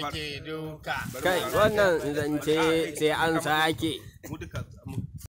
muke duka kai wannan zance sai an sake